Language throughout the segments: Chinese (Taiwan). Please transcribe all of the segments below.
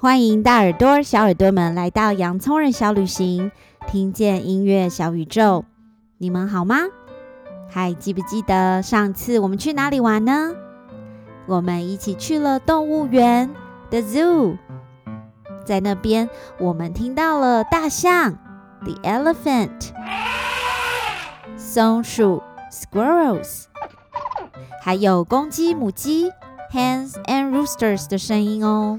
歡迎大耳朵、小耳朵們來到洋蔥人小旅行，聽見音樂小宇宙。你們好嗎？還記不記得上次我們去哪裡玩呢？我們一起去了動物園，the zoo，在那邊我們聽到了大象 the elephant、松鼠 squirrels，還有公雞、母雞 hens and roosters 的聲音哦。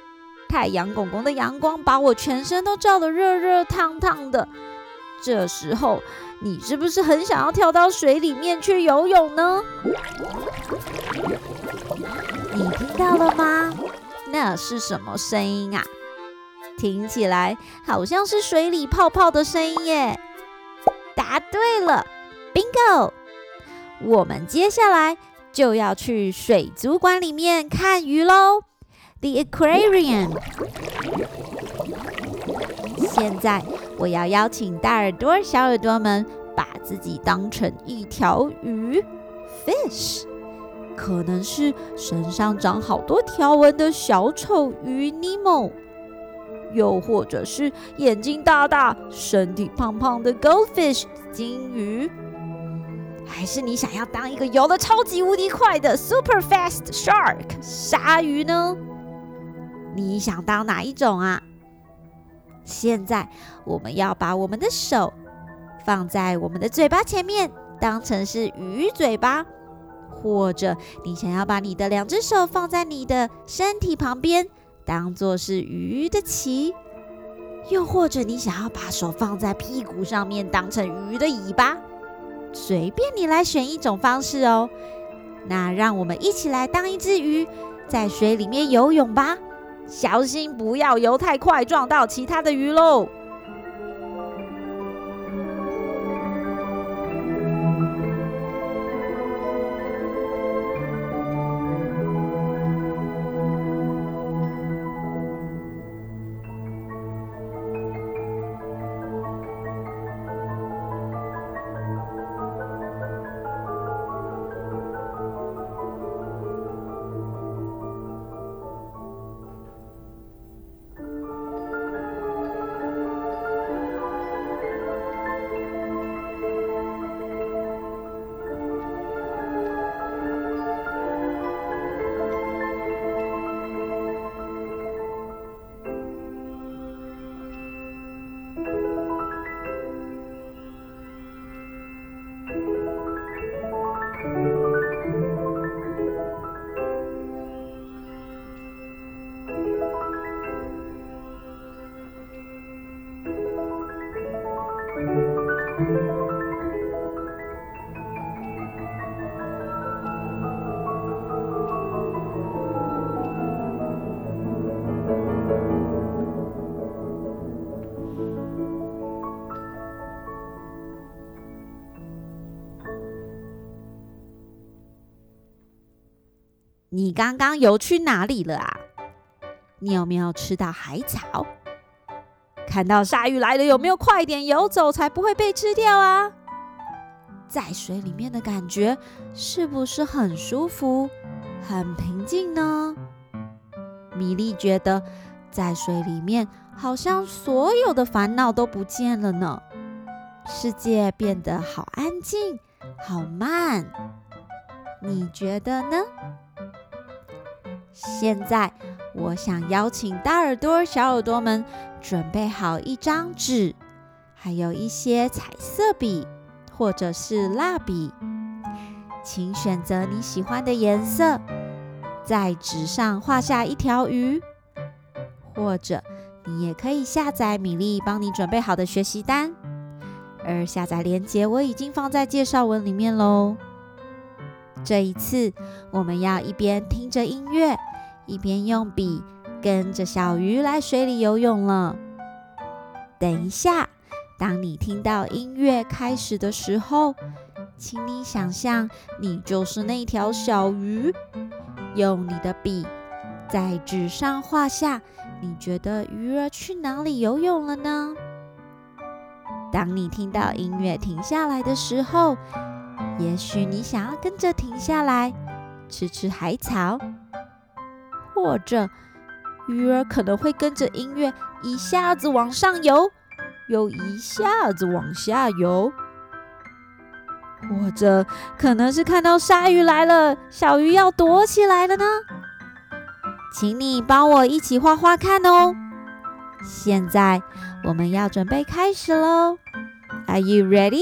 太陽公公的陽光把我全身都照得熱熱燙燙的，這時候你是不是很想要跳到水裡面去游泳呢？你聽到了嗎？那是什麼聲音啊？聽起來好像是水裡泡泡的聲音耶！答對了，Bingo！我們接下來就要去水族館裡面看魚嘍。The aquarium。現在，我要邀請大耳朵、小耳朵們把自己當成一條魚，fish。可能是身上長好多條紋的小丑魚 Nemo，又或者是眼睛大大、身體胖胖的 goldfish 金魚，還是你想要當一個游得超級無敵快的 super fast shark 鯊魚呢？你想當哪一種啊？現在我們要把我們的手放在我們的嘴巴前面，當成是魚嘴巴；或者你想要把你的兩隻手放在你的身體旁邊，當作是魚的鰭；又或者你想要把手放在屁股上面，當成魚的尾巴。隨便你來選一種方式哦。那讓我們一起來當一隻魚，在水裡面游泳吧。小心，不要游太快，撞到其他的魚嘍。你剛剛游去哪裡了啊？你有沒有吃到海草？看到鯊魚來了，有沒有快點游走才不會被吃掉啊？在水裡面的感覺是不是很舒服、很平靜呢？米莉覺得在水裡面好像所有的煩惱都不見了呢，世界變得好安靜、好慢。你覺得呢？現在，我想邀請大耳朵、小耳朵們準備好一張紙，還有一些彩色筆或者是蠟筆，請選擇你喜歡的顏色，在紙上畫下一條魚，或者你也可以下載米粒幫你準備好的學習單，而下載鏈接我已經放在介紹文裡面嘍。這一次，我們要一邊聽着音樂，一邊用筆跟着小魚來水裡游泳了。等一下，當你聽到音樂開始的時候，請你想象你就是那條小魚，用你的筆在紙上畫下你覺得魚兒去哪裡游泳了呢？當你聽到音樂停下來的時候，也許你想要跟着停下來吃吃海草，或者魚兒可能會跟着音樂一下子往上游，又一下子往下游，或者可能是看到鯊魚來了，小魚要躲起來了呢。請你幫我一起畫畫看哦。現在我們要準備開始嘍，Are you ready?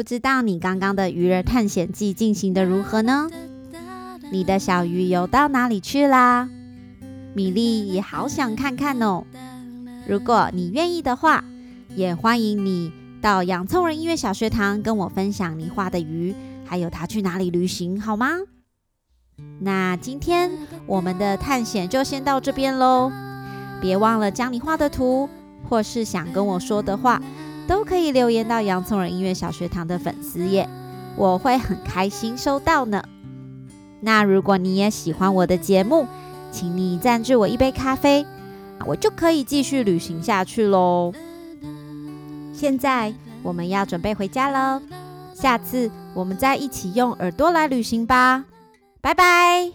不知道你剛剛的魚兒探險記進行得如何呢？你的小魚游到哪裡去啦？米粒也好想看看哦。如果你願意的話，也歡迎你到洋蔥耳音樂小學堂跟我分享你畫的魚，還有它去哪裡旅行好嗎？那今天我們的探險就先到這邊嘍。別忘了將你畫的圖，或是想跟我說的話，都可以留言到洋蔥耳音樂小學堂的粉絲頁，我會很開心收到呢。那如果你也喜歡我的節目，請你贊助我一杯咖啡，我就可以繼續旅行下去嘍。現在我們要準備回家嘍，下次我們再一起用耳朵來旅行吧，拜拜。